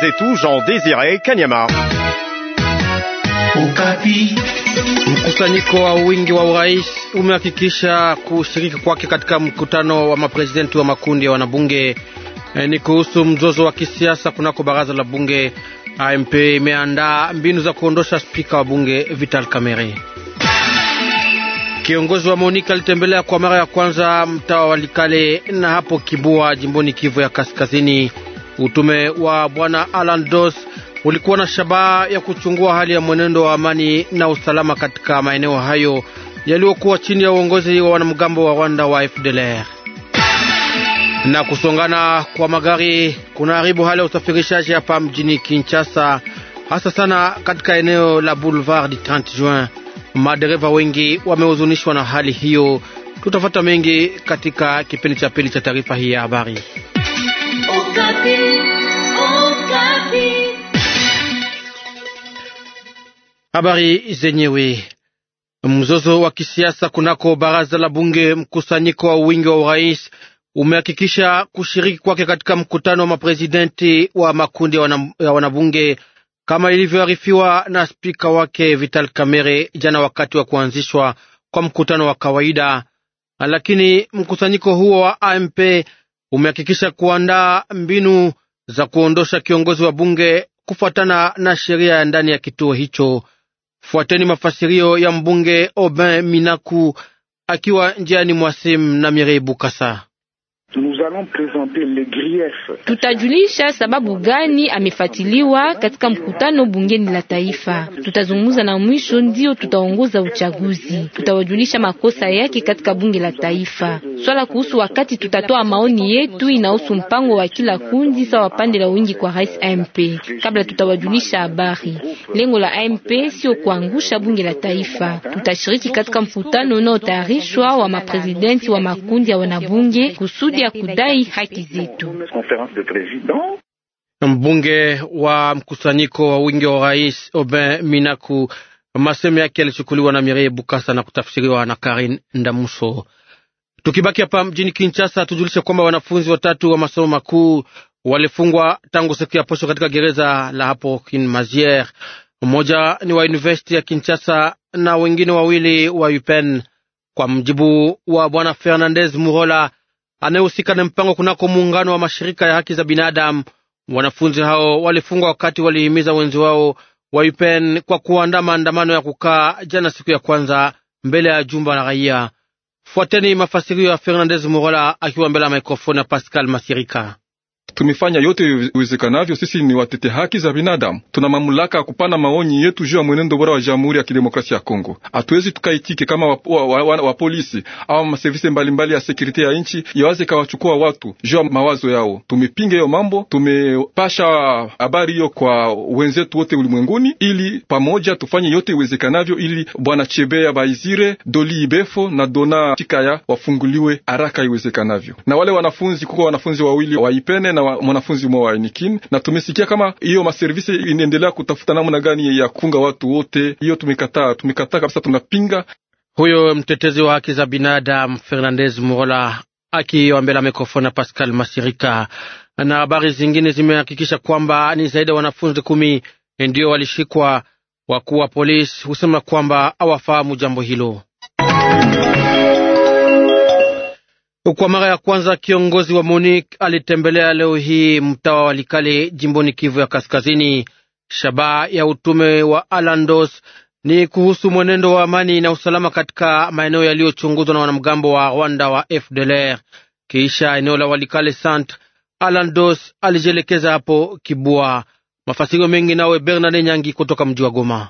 et tout, Jean Désiré Kanyama. Mkusanyiko wa wingi wa urais umehakikisha kushiriki kwake katika mkutano wa maprezidenti wa makundi ya wanabunge. E, ni kuhusu mzozo wa kisiasa kunako baraza la bunge. AMP imeandaa mbinu za kuondosha spika wa bunge Vital Kamerhe. Kiongozi wa Monika alitembelea kwa mara ya kwanza mtaa wa Likale na hapo Kibua jimboni Kivu ya Kaskazini. Utume wa bwana Alan Dos ulikuwa na shabaha ya kuchungua hali ya mwenendo wa amani na usalama katika maeneo hayo yaliyokuwa chini ya uongozi wa wanamgambo wa Rwanda wa FDLR. Na kusongana kwa magari haribu hali ya usafirishaji hapa mjini Kinshasa, hasa sana katika eneo la Boulevard du 30 Juin. Madereva wengi wamehuzunishwa na hali hiyo. Tutafata mengi katika kipindi cha pili cha taarifa hii ya habari. Habari zenyewe. Mzozo wa kisiasa kunako baraza la bunge, mkusanyiko wa wingi wa urais umehakikisha kushiriki kwake katika mkutano wa maprezidenti wa makundi ya wanabunge kama ilivyoarifiwa na spika wake Vital Kamerhe jana wakati wa kuanzishwa kwa mkutano wa kawaida. Lakini mkusanyiko huo wa AMP umehakikisha kuandaa mbinu za kuondosha kiongozi wa bunge kufuatana na sheria ya ndani ya kituo hicho. Fuateni mafasirio ya mbunge Obin Minaku akiwa njiani mwasim na Mirei Bukasa. Tutajulisha sababu gani amefatiliwa katika mkutano bungeni la taifa. Tutazungumza na mwisho ndio tutaongoza uchaguzi. Tutawajulisha makosa yake katika bunge la taifa. Swala kuhusu wakati tutatoa maoni yetu inahusu mpango wa kila kundi sawa pande la wingi kwa rais MP. Kabla tutawajulisha habari. Lengo la MP sio kuangusha bunge la taifa. Tutashiriki katika mkutano unaotayarishwa wa mapresidenti wa makundi ya wanabunge kusudi ya ku kudai haki zetu. Mbunge wa mkusanyiko wa wingi wa rais Obin Minaku, masemo yake yalichukuliwa na Mirei Bukasa na kutafsiriwa na Karin Ndamuso. Tukibaki hapa mjini Kinshasa, tujulishe kwamba wanafunzi watatu wa masomo makuu walifungwa tangu siku ya posho katika gereza la hapo mazier Mmoja ni wa university ya Kinshasa na wengine wawili wa UPEN. Kwa mjibu wa bwana Fernandez Murola, anayehusika na mpango kunako muungano wa mashirika ya haki za binadamu. Wanafunzi hao walifungwa wakati walihimiza wenzi wao wa UPEN kwa kuandaa maandamano ya kukaa jana, siku ya kwanza mbele ya jumba la raia. Fuateni mafasirio ya Fernandez Morola akiwa mbele ya mikrofoni ya Pascal Masirika. Tumefanya yote iwezekanavyo, sisi ni watete haki za binadamu, tuna mamlaka ya kupana maoni yetu juu ya mwenendo bora wa Jamhuri ya Kidemokrasia ya Kongo. Hatuwezi tukaitike kama wapolisi wa, wa, wa au maservise mbalimbali ya sekurite ya nchi yawaze ikawachukua watu juu ya mawazo yao. Tumepinga hiyo mambo, tumepasha habari hiyo kwa wenzetu wote ulimwenguni, ili pamoja tufanye yote iwezekanavyo ili bwana Chebea Baizire, Doli Ibefo na Dona Chikaya wafunguliwe haraka iwezekanavyo, na wale wanafunzi kuko wanafunzi wawili waipene na mwanafunzi umo wa na tumesikia kama hiyo maservisi inaendelea kutafuta namna gani ya kunga watu wote. Hiyo tumekataa, tumekataa kabisa, tunapinga. Huyo mtetezi wa haki za binadamu Fernandez Morola akiwa mbele ya mikrofoni ya Pascal Masirika. Na habari zingine zimehakikisha kwamba ni zaidi ya wanafunzi kumi ndio walishikwa. Wakuu wa polisi husema kwamba hawafahamu jambo hilo. Kwa mara ya kwanza kiongozi wa MONUC alitembelea leo hii mtawa wa Likale jimboni Kivu ya Kaskazini. Shabaha ya utume wa Alandos ni kuhusu mwenendo wa amani na usalama katika maeneo yaliyochunguzwa na wanamgambo wa Rwanda wa FDLR. Kisha eneo la Walikale Sant, Alandos alijielekeza hapo Kibua. Mafasiro mengi nawe Bernard Nyangi kutoka mji wa Goma.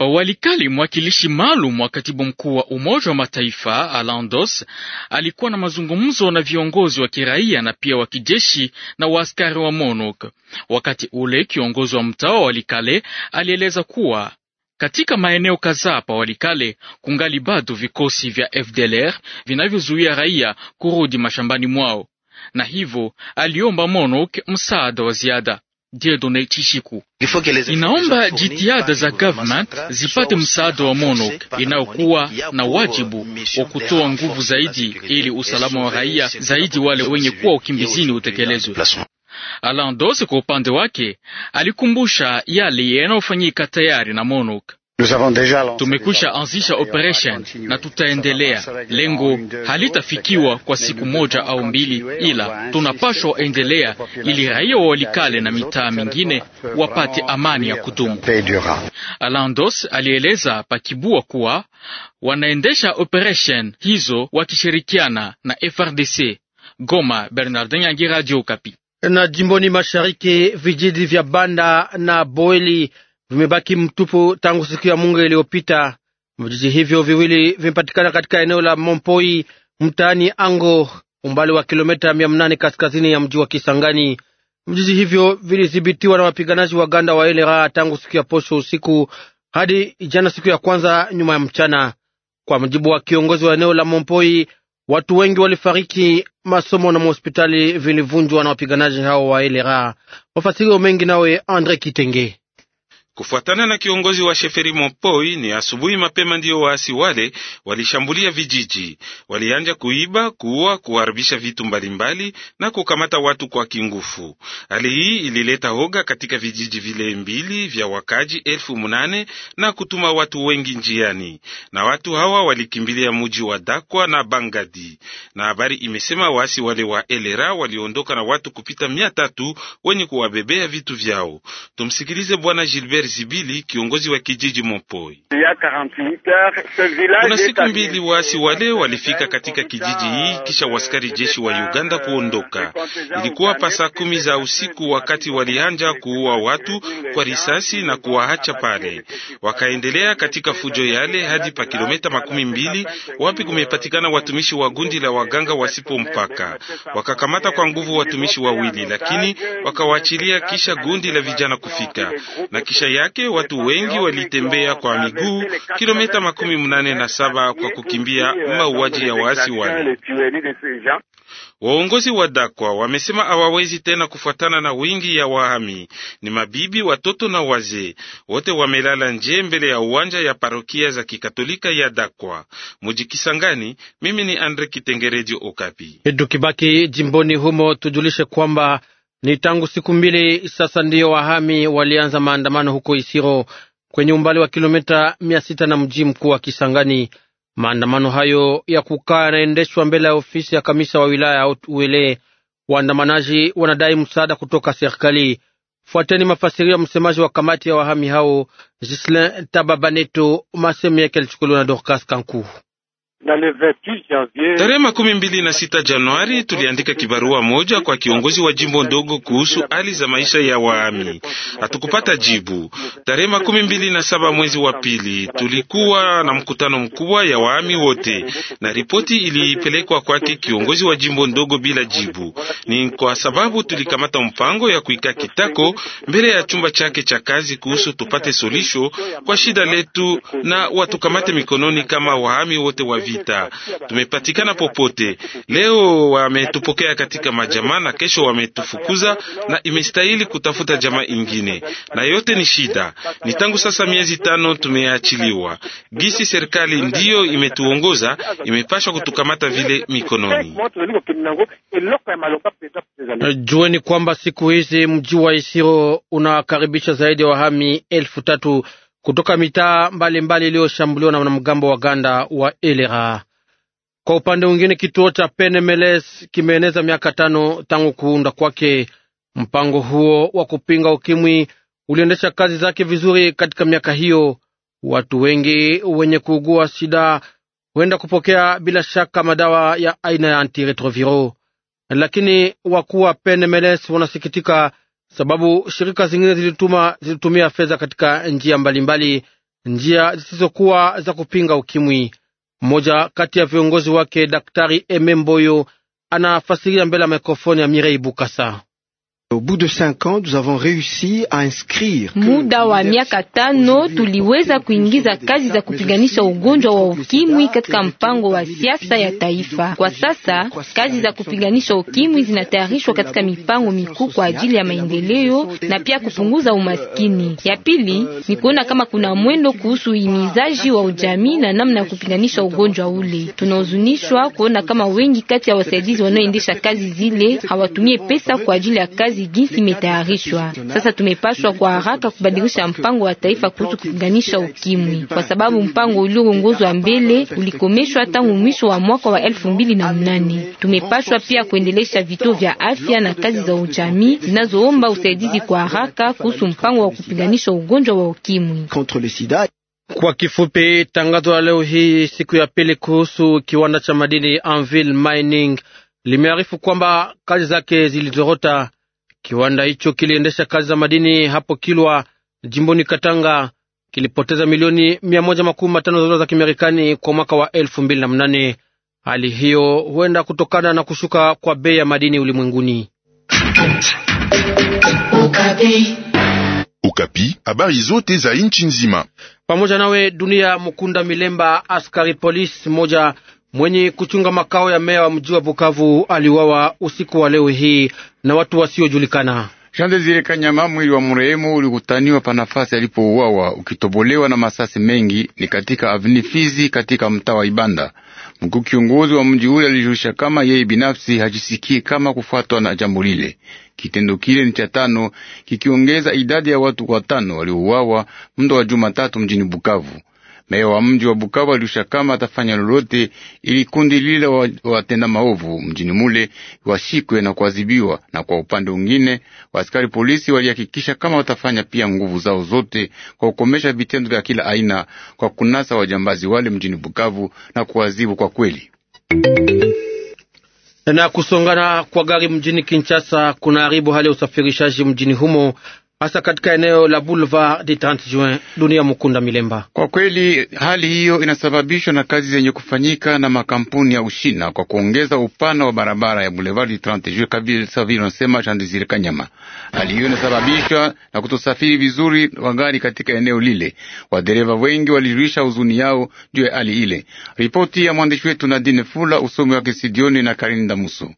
Walikali mwakilishi maalum wa katibu mkuu wa Umoja wa Mataifa Alandos alikuwa na mazungumzo na viongozi wa kiraia na pia wa kijeshi na waaskari wa MONUC. Wakati ule kiongozi wa mtaa wa Walikale alieleza kuwa katika maeneo kadhaa pa Walikale kungali bado vikosi vya FDLR vinavyozuia raia kurudi mashambani mwao, na hivyo aliomba MONUC msaada wa ziada. Dieudonne Chishiku inaomba jitihada za government zipate msaada wa MONUC inayokuwa na wajibu wa kutoa nguvu zaidi ili usalama wa raia zaidi wale wenye kuwa ukimbizini utekelezwe. Alan Doss kwa upande wake alikumbusha yale yanayofanyika tayari na MONUC. Tumekwisha anzisha operation na tutaendelea. Lengo halitafikiwa kwa siku moja au mbili, ila tunapashwa endelea ili raia wa Walikale na mitaa mingine wapate amani ya kudumu. Alandos alieleza pakibua kuwa wanaendesha operation hizo wakishirikiana na FRDC. Goma, Bernardin yangi Radio Kapi. Na jimboni mashariki vijiji vya Banda na Boeli vimebaki mtupu tangu siku ya Mungu iliyopita. Vijiji hivyo viwili vimepatikana katika eneo la Mompoi mtaani Ango, umbali wa kilomita mia nane kaskazini ya mji wa Kisangani. Vijiji hivyo vilidhibitiwa na wapiganaji wa ganda wa LRA tangu siku ya posho usiku hadi jana siku ya kwanza nyuma ya mchana. Kwa mujibu wa kiongozi wa eneo la Mompoi, watu wengi walifariki, masomo na mahospitali vilivunjwa na wapiganaji hao wa LRA. Mafasirio mengi nawe Andre Kitenge. Kufuatana na kiongozi wa Sheferi Mopoi, ni asubuhi mapema ndiyo waasi wale walishambulia vijiji, walianja kuiba, kuua, kuharibisha vitu mbalimbali na kukamata watu kwa kingufu. Hali hii ilileta hoga katika vijiji vile mbili vya wakaji elfu munane na kutuma watu wengi njiani, na watu hawa walikimbilia muji wa Dakwa na Bangadi, na habari imesema waasi wale wa Elera waliondoka na watu kupita mia tatu wenye kuwabebea vitu vyao. Tumsikilize Bwana Gilbert Albert Zibili, kiongozi wa kijiji Mopoi. Kuna siku mbili waasi wale walifika katika kijiji hii kisha waskari jeshi wa Uganda kuondoka. Ilikuwa pasa kumi za usiku wakati walianja kuua watu kwa risasi na kuwaacha pale. Wakaendelea katika fujo yale hadi pa kilomita makumi mbili wapi kumepatikana watumishi wa gundi la waganga wasipo mpaka. Wakakamata kwa nguvu watumishi wawili, lakini wakawaachilia kisha gundi la vijana kufika na kisha yake watu wengi walitembea kwa miguu kilomita makumi mnane na saba kwa kukimbia mauaji ya waasi wale. Waongozi wa Dakwa wamesema hawawezi tena kufuatana na wingi ya wahami. Ni mabibi, watoto na wazee wote wamelala nje mbele ya uwanja ya parokia za kikatolika ya Dakwa muji Kisangani. Mimi ni Andre Kitengereji, Okapi. Tukibaki jimboni humo, tujulishe kwamba ni tangu siku mbili sasa ndiyo wahami walianza maandamano huko Isiro kwenye umbali wa kilomita mia sita na mji mkuu wa Kisangani. Maandamano hayo ya kukaa yanaendeshwa mbele ya ofisi ya kamisa wa wilaya ya Uele. Waandamanaji wanadai msaada kutoka serikali. Fuateni mafasirio ya msemaji wa kamati ya wahami hao Gislin Tababaneto, masemi yake yalichukuliwa na Dorcas kankuu Tarehe makumi mbili na sita Januari tuliandika kibarua moja kwa kiongozi wa jimbo ndogo kuhusu hali za maisha ya waami, hatukupata jibu. Tarehe makumi mbili na saba mwezi wa pili tulikuwa na mkutano mkubwa ya waami wote, na ripoti ilipelekwa kwake kiongozi wa jimbo ndogo bila jibu. Ni kwa sababu tulikamata mpango ya kuika kitako mbele ya chumba chake cha kazi kuhusu tupate solisho kwa shida letu na watukamate mikononi kama waami wote wavi vita. Tumepatikana popote. Leo wametupokea katika majamaa na kesho wametufukuza, na imestahili kutafuta jamaa ingine, na yote ni shida. Ni tangu sasa miezi tano tumeachiliwa. Gisi serikali ndiyo imetuongoza, imepashwa kutukamata vile mikononi. Jueni kwamba siku hizi mji wa Isiro unawakaribisha zaidi ya wahami elfu tatu kutoka mitaa mbalimbali iliyoshambuliwa na wanamgambo wa Ganda wa Elera. Kwa upande mwingine, kituo cha Penemeles kimeeneza miaka tano tangu kuunda kwake. Mpango huo wa kupinga ukimwi uliendesha kazi zake vizuri katika miaka hiyo. Watu wengi wenye kuugua sida huenda kupokea bila shaka madawa ya aina ya antiretroviro, lakini wakuu wa Penemeles wanasikitika sababu shirika zingine zilituma zilitumia fedha katika njia mbalimbali, njia zisizokuwa za kupinga ukimwi. Mmoja kati ya viongozi wake Daktari Ememboyo anafasiria mbele ya mikrofoni ya Mirei Bukasa de ans, avons muda wa miaka tano tuliweza kuingiza kazi za kupiganisha ugonjwa wa ukimwi katika mpango wa siasa ya taifa. Kwa sasa kazi za kupiganisha ukimwi zinatayarishwa katika mipango mikuu kwa ajili ya maendeleo na pia kupunguza euh, umaskini. Euh, ya pili euh, ni kuona kama kuna mwendo kuhusu uhimizaji wa ujamii na namna ya kupiganisha ugonjwa ule. Tunahuzunishwa kuona kama wengi kati ya wasaidizi wanaoendesha kazi zile hawatumie pesa kwa ajili ya kazi kazi jinsi imetayarishwa. Sasa tumepashwa kwa haraka kubadilisha mpango wa taifa kuhusu kupiganisha ukimwi, kwa sababu mpango ulioongozwa mbele ulikomeshwa tangu mwisho wa mwaka wa elfu mbili na mnane. Tumepashwa pia kuendelesha vituo vya afya na kazi za ujamii zinazoomba usaidizi kwa haraka kuhusu mpango wa kupiganisha ugonjwa wa ukimwi. Kwa kifupi, tangazo la leo hii siku ya pili kuhusu kiwanda cha madini Anvil Mining limearifu kwamba kazi zake zilizorota. Kiwanda hicho kiliendesha kazi za madini hapo Kilwa jimboni Katanga, kilipoteza milioni 115 za dola za Kimarekani kwa mwaka wa 2008. Hali hiyo huenda kutokana na kushuka kwa bei ya madini ulimwenguni. Ukapi, habari zote za nchi nzima pamoja nawe dunia. Mukunda Milemba, askari polisi moja mwenye kuchunga makao ya meya wa mji wa Bukavu aliwawa usiku wa leo hii na watu wasiojulikana. Jean Desire Kanyama, mwili wa mrehemu ulikutaniwa pa nafasi alipouawa ukitobolewa na masasi mengi, ni katika avni Fizi katika mtaa wa Ibanda. Mkuu kiongozi wa mji ule alijulisha kama yeye binafsi hajisikii kama kufuatwa na jambo lile. Kitendo kile ni cha tano kikiongeza idadi ya watu watano waliouawa muda wa Jumatatu mjini Bukavu. Meya wa mji wa Bukavu aliusha kama atafanya lolote ili kundi lile watenda maovu mjini mule washikwe na kuadhibiwa, na kwa upande mwingine waaskari polisi walihakikisha kama watafanya pia nguvu zao zote kwa kukomesha vitendo vya kila aina kwa kunasa wajambazi wale mjini Bukavu na kuadhibu kwa kweli na kusongana kwa gari mjini Kinshasa kuna haribu hali ya usafirishaji mjini humo hasa katika eneo la Boulevard de 30 Juin. Dunia Mukunda Milemba. Kwa kweli hali hiyo inasababishwa na kazi zenye kufanyika na makampuni ya Ushina kwa kuongeza upana wa barabara ya Boulevard de 30 Juin, kabili savili nasema Chandiziri Kanyama. Hali hiyo inasababishwa na kutosafiri vizuri wa gari katika eneo lile. Wadereva wengi walijulisha huzuni yao juu ya hali ile. Ripoti ya mwandishi wetu Nadine Fula, usomi wake studioni na Karinda Musu.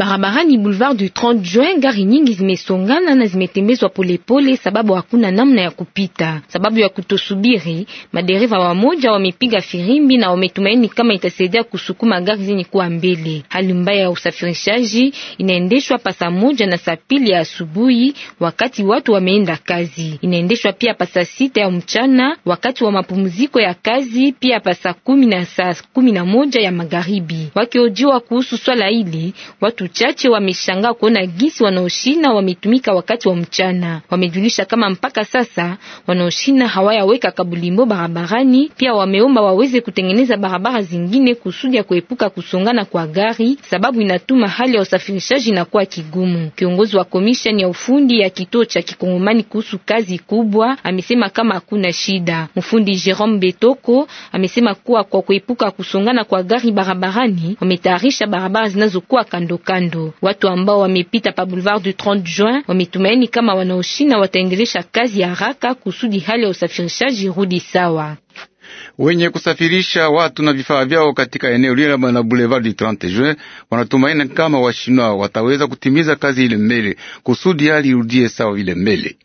Barabarani boulevard du 30 Juin, gari nyingi zimesongana na zimetembezwa polepole sababu hakuna namna ya kupita. Sababu ya kutosubiri, madereva wamoja wamepiga firimbi na wametumaini kama itasaidia kusukuma gari zenye kuwa mbele. Hali mbaya ya usafirishaji inaendeshwa pasa moja na saa pili ya asubuhi wakati watu wameenda kazi. Inaendeshwa pia pasa sita ya mchana wakati wa mapumziko ya kazi, pia pasa kumi na saa kumi na moja ya magharibi. Wakiojiwa kuhusu swala hili watu uchache wameshangaa kuona gisi wanaoshina wametumika wakati wa mchana. Wamejulisha kama mpaka sasa wanaoshina hawayaweka kabulimbo barabarani. Pia wameomba waweze kutengeneza barabara zingine kusudi ya kuepuka kusongana kwa gari, sababu inatuma hali ya usafirishaji inakuwa kigumu. Kiongozi wa komisheni ya ufundi ya kituo cha kikongomani kuhusu kazi kubwa amesema kama hakuna shida. Mfundi Jerome Betoko amesema kuwa kwa kuepuka kusongana kwa gari barabarani wametayarisha barabara zinazokuwa kandokando. Mwandu. Watu ambao wamepita pa Boulevard du 30 Juin wametumaini kama wanaoshina wataendelesha kazi ya haraka kusudi hali ya usafirishaji rudi sawa. Wenye kusafirisha watu na vifaa vyao katika eneo lile la Boulevard du 30 Juin wanatumaini kama washinwa wataweza kutimiza kazi ile mbele kusudi hali irudie sawa ile mbele.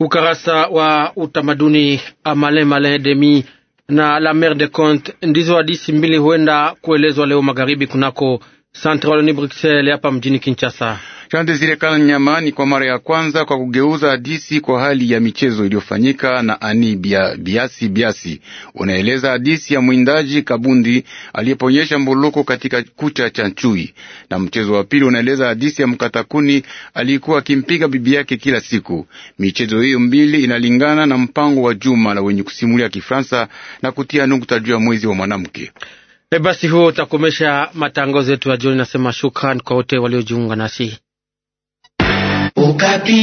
Ukarasa wa utamaduni Amale Male Demi na la Mer de Conte ndizo hadisi mbili huenda kuelezwa leo magharibi kunako Centre Wallonie Bruxelles hapa mjini Kinshasa. Jean Desire Kanyama ni kwa mara ya kwanza kwa kugeuza hadisi kwa hali ya michezo iliyofanyika na ani bia, biasi biasi. Unaeleza hadisi ya mwindaji Kabundi aliyeponyesha mbuluko katika kucha cha chui, na mchezo wa pili unaeleza hadisi ya mkatakuni aliyekuwa akimpiga bibi yake kila siku. Michezo hiyo mbili inalingana na mpango wa juma la wenye kusimulia Kifransa na kutia nukta juu ya mwezi wa mwanamke. E, basi huo utakomesha matangazo yetu ya jioni. Nasema shukran kwa wote waliojiunga nasi. Copy.